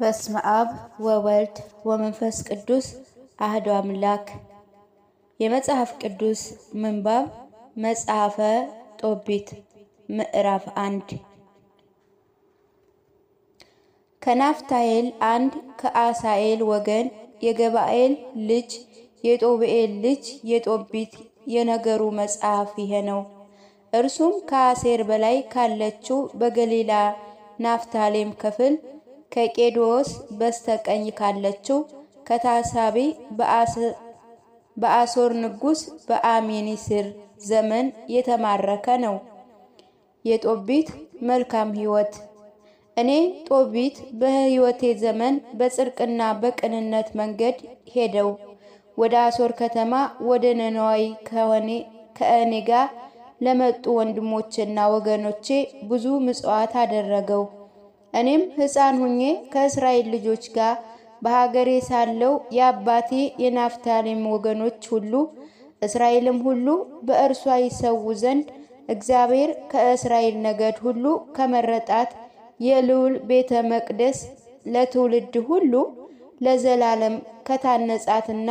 በስመ አብ ወወልድ ወመንፈስ ቅዱስ አህዶ አምላክ። የመጽሐፍ ቅዱስ ምንባብ መጽሐፈ ጦቢት ምዕራፍ አንድ ከናፍታኤል አንድ ከአሳኤል ወገን የገባኤል ልጅ የጦብኤል ልጅ የጦቢት የነገሩ መጽሐፍ ይሄ ነው። እርሱም ከአሴር በላይ ካለችው በገሊላ ናፍታሌም ክፍል ከቄዶስ በስተቀኝ ካለችው ከታሳቢ በአሶር ንጉሥ በአሜኒስር ዘመን የተማረከ ነው። የጦቢት መልካም ሕይወት እኔ ጦቢት በሕይወቴ ዘመን በጽድቅና በቅንነት መንገድ ሄደው ወደ አሶር ከተማ ወደ ነነዋይ ከእኔ ጋር ለመጡ ወንድሞቼና ወገኖቼ ብዙ ምጽዋት አደረገው። እኔም ሕፃን ሁኜ ከእስራኤል ልጆች ጋር በሀገሬ ሳለው የአባቴ የናፍታሌም ወገኖች ሁሉ እስራኤልም ሁሉ በእርሷ ይሰዉ ዘንድ እግዚአብሔር ከእስራኤል ነገድ ሁሉ ከመረጣት የልዑል ቤተ መቅደስ ለትውልድ ሁሉ ለዘላለም ከታነጻትና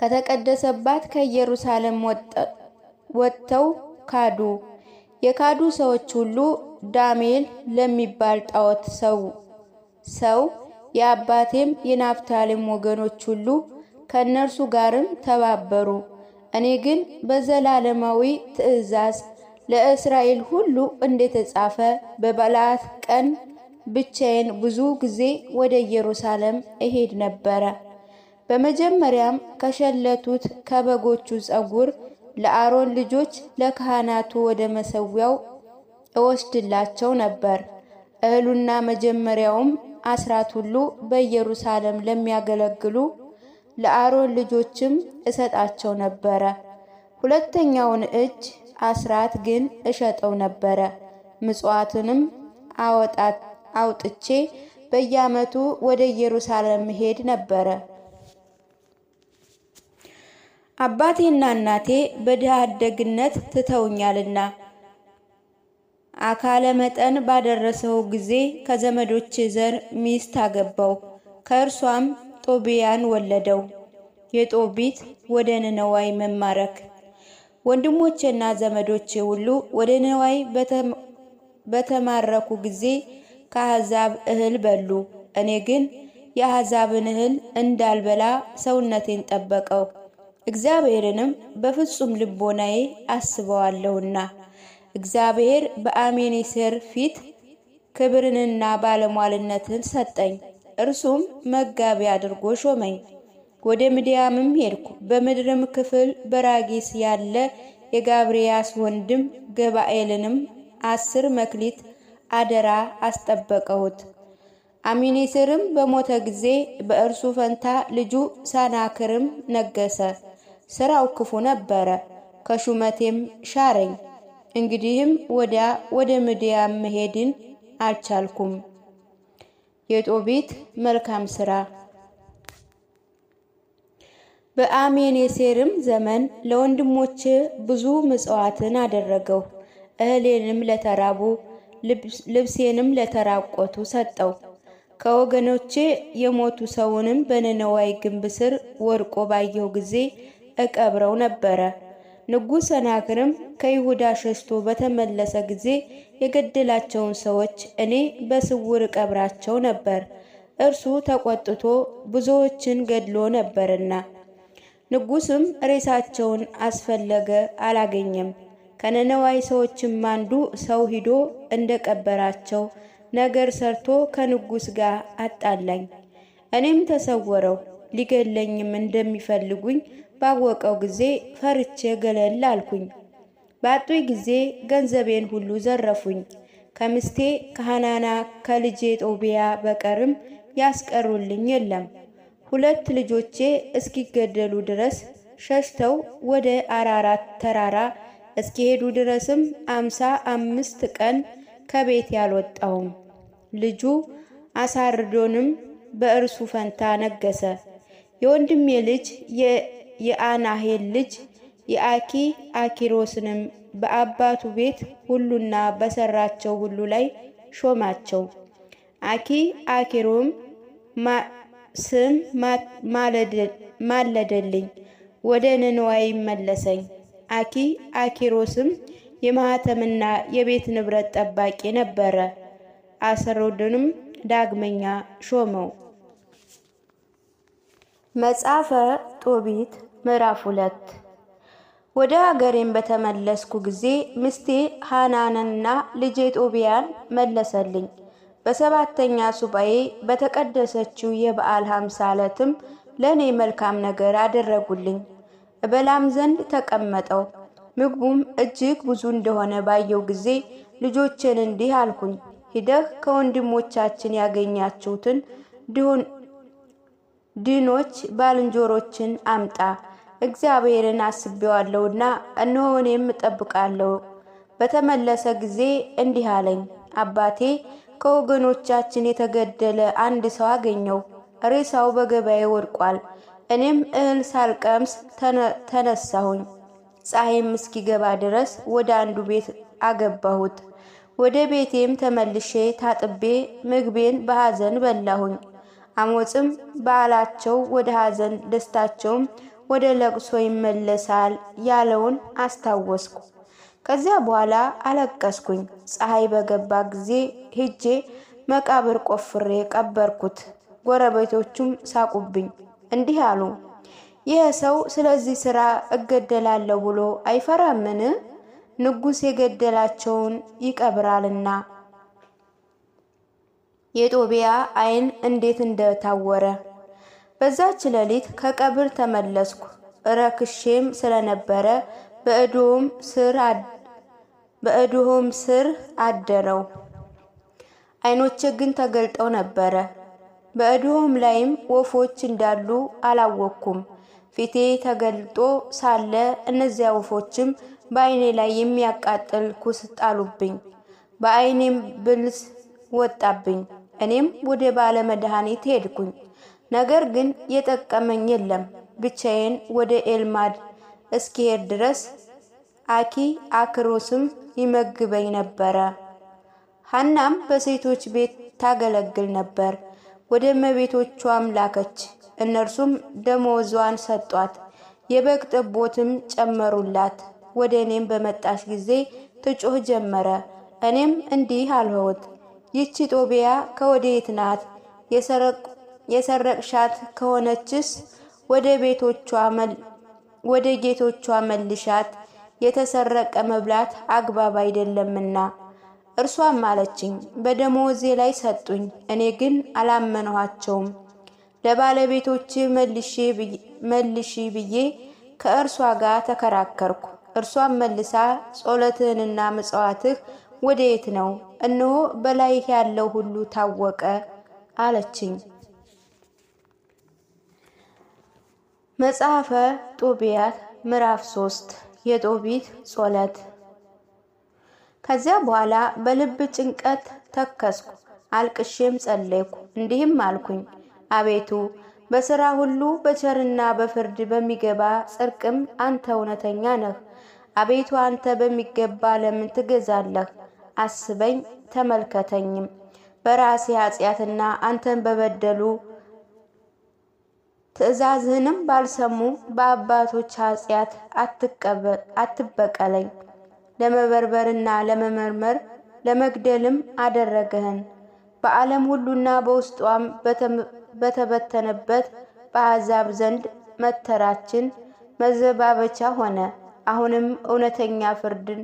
ከተቀደሰባት ከኢየሩሳሌም ወጥተው ካዱ። የካዱ ሰዎች ሁሉ ዳሜል ለሚባል ጣዖት ሰው ሰው የአባቴም የናፍታሌም ወገኖች ሁሉ ከእነርሱ ጋርም ተባበሩ። እኔ ግን በዘላለማዊ ትእዛዝ ለእስራኤል ሁሉ እንደተጻፈ በበዓላት ቀን ብቻዬን ብዙ ጊዜ ወደ ኢየሩሳሌም እሄድ ነበረ። በመጀመሪያም ከሸለቱት ከበጎቹ ጸጉር ለአሮን ልጆች ለካህናቱ ወደ መሠዊያው እወስድላቸው ነበር። እህሉና መጀመሪያውም አስራት ሁሉ በኢየሩሳሌም ለሚያገለግሉ ለአሮን ልጆችም እሰጣቸው ነበረ። ሁለተኛውን እጅ አስራት ግን እሸጠው ነበረ። ምጽዋትንም አወጣት አውጥቼ በየዓመቱ ወደ ኢየሩሳሌም ሄድ ነበረ። አባቴና እናቴ በድሃ አደግነት ትተውኛልና አካለ መጠን ባደረሰው ጊዜ ከዘመዶች ዘር ሚስት አገባው። ከእርሷም ጦቢያን ወለደው። የጦቢት ወደ ነነዋይ መማረክ። ወንድሞቼና ዘመዶቼ ሁሉ ወደ ነነዋይ በተማረኩ ጊዜ ከአሕዛብ እህል በሉ። እኔ ግን የአሕዛብን እህል እንዳልበላ ሰውነቴን ጠበቀው፣ እግዚአብሔርንም በፍጹም ልቦናዬ አስበዋለሁና። እግዚአብሔር በአሜኔሴር ፊት ክብርንና ባለሟልነትን ሰጠኝ። እርሱም መጋቢ አድርጎ ሾመኝ። ወደ ምድያምም ሄድኩ። በምድርም ክፍል በራጊስ ያለ የጋብርያስ ወንድም ገባኤልንም አስር መክሊት አደራ አስጠበቀሁት። አሚኔስርም በሞተ ጊዜ በእርሱ ፈንታ ልጁ ሳናክርም ነገሰ። ስራው ክፉ ነበረ፣ ከሹመቴም ሻረኝ። እንግዲህም ወዲያ ወደ ምድያ መሄድን አልቻልኩም። የጦቢት መልካም ስራ በአሜኔሴርም ዘመን ለወንድሞች ብዙ ምጽዋትን አደረገው። እህሌንም ለተራቡ ልብሴንም ለተራቆቱ ሰጠው። ከወገኖቼ የሞቱ ሰውንም በነነዋይ ግንብ ስር ወድቆ ባየሁ ጊዜ እቀብረው ነበረ። ንጉሥ ሰናክርም ከይሁዳ ሸሽቶ በተመለሰ ጊዜ የገደላቸውን ሰዎች እኔ በስውር ቀብራቸው ነበር፣ እርሱ ተቆጥቶ ብዙዎችን ገድሎ ነበርና። ንጉሥም ሬሳቸውን አስፈለገ፣ አላገኘም። ከነነዋይ ሰዎችም አንዱ ሰው ሂዶ እንደቀበራቸው ነገር ሰርቶ ከንጉሥ ጋር አጣላኝ። እኔም ተሰወረው ሊገለኝም እንደሚፈልጉኝ ባወቀው ጊዜ ፈርቼ ገለል አልኩኝ። ባጡኝ ጊዜ ገንዘቤን ሁሉ ዘረፉኝ። ከምስቴ ከሃናና ከልጄ ጦቢያ በቀርም ያስቀሩልኝ የለም። ሁለት ልጆቼ እስኪገደሉ ድረስ ሸሽተው ወደ አራራት ተራራ እስኪሄዱ ድረስም አምሳ አምስት ቀን ከቤት ያልወጣውም። ልጁ አሳርዶንም በእርሱ ፈንታ ነገሰ። የወንድሜ ልጅ የአናሄል ልጅ የአኪ አኪሮስንም በአባቱ ቤት ሁሉና በሰራቸው ሁሉ ላይ ሾማቸው። አኪ አኪሮም ስም ማለደልኝ፣ ወደ ነነዋ ይመለሰኝ። አኪ አኪሮስም የማህተምና የቤት ንብረት ጠባቂ ነበረ። አሰሮድንም ዳግመኛ ሾመው። መጽሐፈ ጦቢት ምዕራፍ ሁለት ወደ ሀገሬም በተመለስኩ ጊዜ ሚስቴ ሃናንና ልጄ ጦቢያን መለሰልኝ። በሰባተኛ ሱባኤ በተቀደሰችው የበዓል ሃምሳ ዕለትም ለእኔ መልካም ነገር አደረጉልኝ። እበላም ዘንድ ተቀመጠው። ምግቡም እጅግ ብዙ እንደሆነ ባየው ጊዜ ልጆችን እንዲህ አልኩኝ፣ ሂደህ ከወንድሞቻችን ያገኛችሁትን ድኖች ባልንጀሮችን አምጣ እግዚአብሔርን አስቤዋለሁና እነሆ እኔም እጠብቃለሁ። በተመለሰ ጊዜ እንዲህ አለኝ፣ አባቴ ከወገኖቻችን የተገደለ አንድ ሰው አገኘው። ሬሳው በገበያ ወድቋል። እኔም እህል ሳልቀምስ ተነሳሁኝ። ፀሐይም እስኪገባ ድረስ ወደ አንዱ ቤት አገባሁት። ወደ ቤቴም ተመልሼ ታጥቤ ምግቤን በሐዘን በላሁኝ። አሞጽም በዓላቸው ወደ ሐዘን ደስታቸውም ወደ ለቅሶ ይመለሳል ያለውን አስታወስኩ። ከዚያ በኋላ አለቀስኩኝ። ፀሐይ በገባ ጊዜ ሄጄ መቃብር ቆፍሬ ቀበርኩት። ጎረቤቶቹም ሳቁብኝ። እንዲህ አሉ፣ ይህ ሰው ስለዚህ ስራ እገደላለሁ ብሎ አይፈራምን? ንጉሥ የገደላቸውን ይቀብራልና። የጦቢያ አይን እንዴት እንደታወረ በዛች ሌሊት ከቀብር ተመለስኩ። ረክሼም ስለነበረ በእድሆም ስር አደረው። አይኖቼ ግን ተገልጠው ነበረ። በእድሆም ላይም ወፎች እንዳሉ አላወቅኩም። ፊቴ ተገልጦ ሳለ እነዚያ ወፎችም በአይኔ ላይ የሚያቃጥል ኩስ ጣሉብኝ። በአይኔም ብልስ ወጣብኝ። እኔም ወደ ባለ መድኃኒት ሄድኩኝ። ነገር ግን የጠቀመኝ የለም። ብቻዬን ወደ ኤልማድ እስኪሄድ ድረስ አኪ አክሮስም ይመግበኝ ነበረ። ሀናም በሴቶች ቤት ታገለግል ነበር። ወደ እመቤቶቿም ላከች። እነርሱም ደሞዟን ሰጧት፣ የበግ ጥቦትም ጨመሩላት። ወደ እኔም በመጣች ጊዜ ትጮህ ጀመረ። እኔም እንዲህ አልሆት፣ ይቺ ጦቢያ ከወዴት ናት? የሰረቅሻት ከሆነችስ ወደ ጌቶቿ መልሻት፣ የተሰረቀ መብላት አግባብ አይደለምና። እርሷም አለችኝ፣ በደሞዜ ላይ ሰጡኝ፣ እኔ ግን አላመንኋቸውም። ለባለቤቶች መልሺ ብዬ ከእርሷ ጋር ተከራከርኩ። እርሷም መልሳ ጸሎትህንና ምጽዋትህ ወደየት ነው? እነሆ በላይህ ያለው ሁሉ ታወቀ አለችኝ። መጽሐፈ ጦቢያት ምዕራፍ ሶስት የጦቢት ጾለት። ከዚያ በኋላ በልብ ጭንቀት ተከስኩ፣ አልቅሼም ጸለይኩ፣ እንዲህም አልኩኝ፣ አቤቱ በሥራ ሁሉ በቸርና በፍርድ በሚገባ ጽርቅም አንተ እውነተኛ ነህ። አቤቱ አንተ በሚገባ ለምን ትገዛለህ? አስበኝ ተመልከተኝም። በራሴ ኃጢአትና አንተን በበደሉ ትእዛዝህንም ባልሰሙ በአባቶች ኃጢአት አትበቀለኝ። ለመበርበርና ለመመርመር ለመግደልም አደረገህን። በዓለም ሁሉና በውስጧም በተበተነበት በአሕዛብ ዘንድ መተራችን መዘባበቻ ሆነ። አሁንም እውነተኛ ፍርድን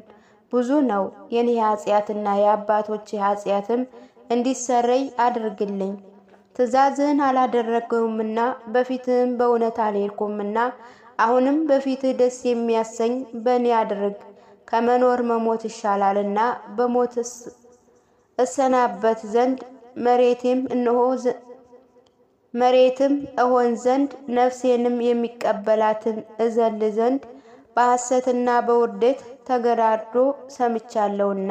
ብዙ ነው። የኔ ኃጢአትና የአባቶች ኃጢአትም እንዲሰረይ አድርግልኝ። ትእዛዝህን አላደረግሁምና በፊትህም በእውነት አልሄድኩምና አሁንም በፊትህ ደስ የሚያሰኝ በእኔ አድርግ ከመኖር መሞት ይሻላልና በሞት እሰናበት ዘንድ መሬቴም እነሆ መሬትም እሆን ዘንድ ነፍሴንም የሚቀበላትን እዘል ዘንድ በሐሰትና በውርደት ተገዳድሮ ሰምቻለሁና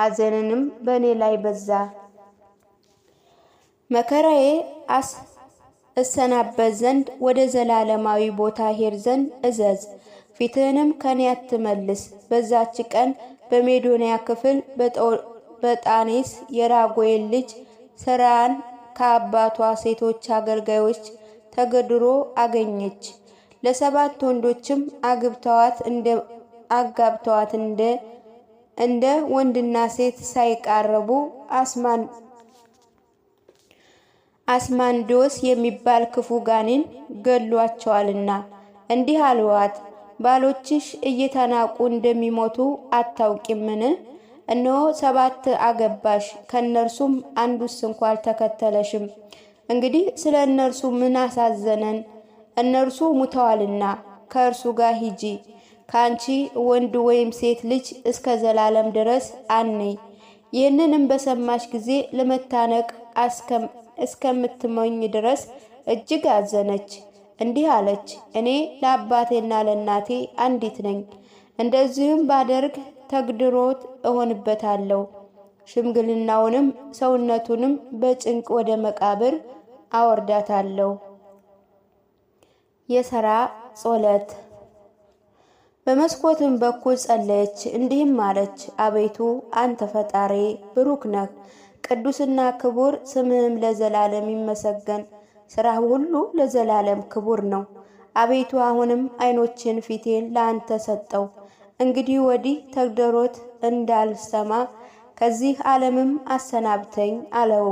ሐዘንንም በእኔ ላይ በዛ። መከራዬ አስ እሰናበት ዘንድ ወደ ዘላለማዊ ቦታ ሄድ ዘንድ እዘዝ፣ ፊትህንም ከኔ አትመልስ። በዛች ቀን በሜዶንያ ክፍል በጣኔስ የራጎዬን ልጅ ስራን ከአባቷ ሴቶች አገልጋዮች ተገድሮ አገኘች። ለሰባት ወንዶችም አግብተዋት እንደ አጋብተዋት እንደ እንደ ወንድና ሴት ሳይቃረቡ አስማንዶስ የሚባል ክፉ ጋኔን ገሏቸዋልና እንዲህ አልዋት፣ ባሎችሽ እየተናቁ እንደሚሞቱ አታውቂምን? እነሆ ሰባት አገባሽ፣ ከእነርሱም አንዱስ እንኳ አልተከተለሽም። እንግዲህ ስለ እነርሱ ምን አሳዘነን? እነርሱ ሙተዋልና ከእርሱ ጋር ሂጂ፣ ከአንቺ ወንድ ወይም ሴት ልጅ እስከ ዘላለም ድረስ አንይ። ይህንንም በሰማሽ ጊዜ ለመታነቅ እስከምትሞኝ ድረስ እጅግ አዘነች። እንዲህ አለች፣ እኔ ለአባቴና ለእናቴ አንዲት ነኝ። እንደዚህም ባደርግ ተግድሮት እሆንበታለሁ። ሽምግልናውንም ሰውነቱንም በጭንቅ ወደ መቃብር አወርዳታለሁ። የሰራ ጾለት በመስኮትም በኩል ጸለየች፣ እንዲህም አለች፦ አቤቱ አንተ ፈጣሪ ብሩክ ነህ፣ ቅዱስና ክቡር ስምህም ለዘላለም ይመሰገን። ስራ ሁሉ ለዘላለም ክቡር ነው። አቤቱ አሁንም ዓይኖችን ፊቴን ለአንተ ሰጠው። እንግዲህ ወዲህ ተግደሮት እንዳልሰማ ከዚህ ዓለምም አሰናብተኝ አለው።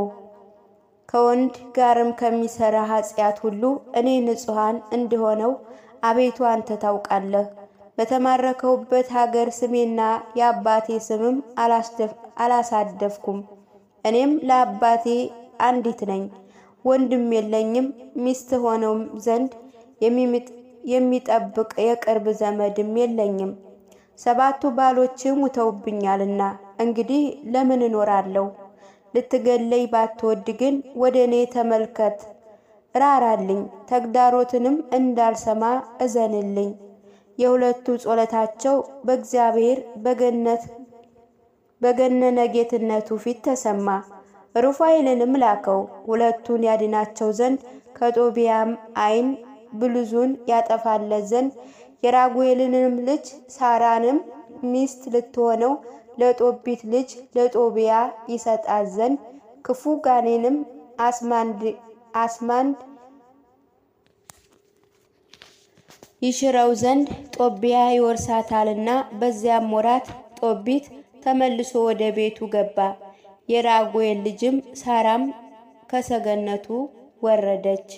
ከወንድ ጋርም ከሚሰራ ኃጢአት ሁሉ እኔ ንጹሐን እንደሆነው አቤቱ አንተ ታውቃለህ። በተማረከውበት ሀገር ስሜና የአባቴ ስምም አላሳደፍኩም። እኔም ለአባቴ አንዲት ነኝ፣ ወንድም የለኝም። ሚስት ሆነው ዘንድ የሚጠብቅ የቅርብ ዘመድም የለኝም። ሰባቱ ባሎችም ውተውብኛልና እንግዲህ ለምን እኖራለሁ? ልትገለይ ባትወድ ግን ወደ እኔ ተመልከት፣ ራራልኝ፣ ተግዳሮትንም እንዳልሰማ እዘንልኝ። የሁለቱ ጸሎታቸው በእግዚአብሔር በገነት በገነነ ጌትነቱ ፊት ተሰማ። ሩፋኤልንም ላከው ሁለቱን ያድናቸው ዘንድ ከጦቢያም ዓይን ብልዙን ያጠፋለት ዘንድ የራጉኤልንም ልጅ ሳራንም ሚስት ልትሆነው ለጦቢት ልጅ ለጦቢያ ይሰጣት ዘንድ ክፉ ጋኔንም አስማንድ ይሽረው ዘንድ ጦቢያ ይወርሳታልና በዚያም ወራት ጦቢት ተመልሶ ወደ ቤቱ ገባ። የራጉኤል ልጅም ሳራም ከሰገነቱ ወረደች።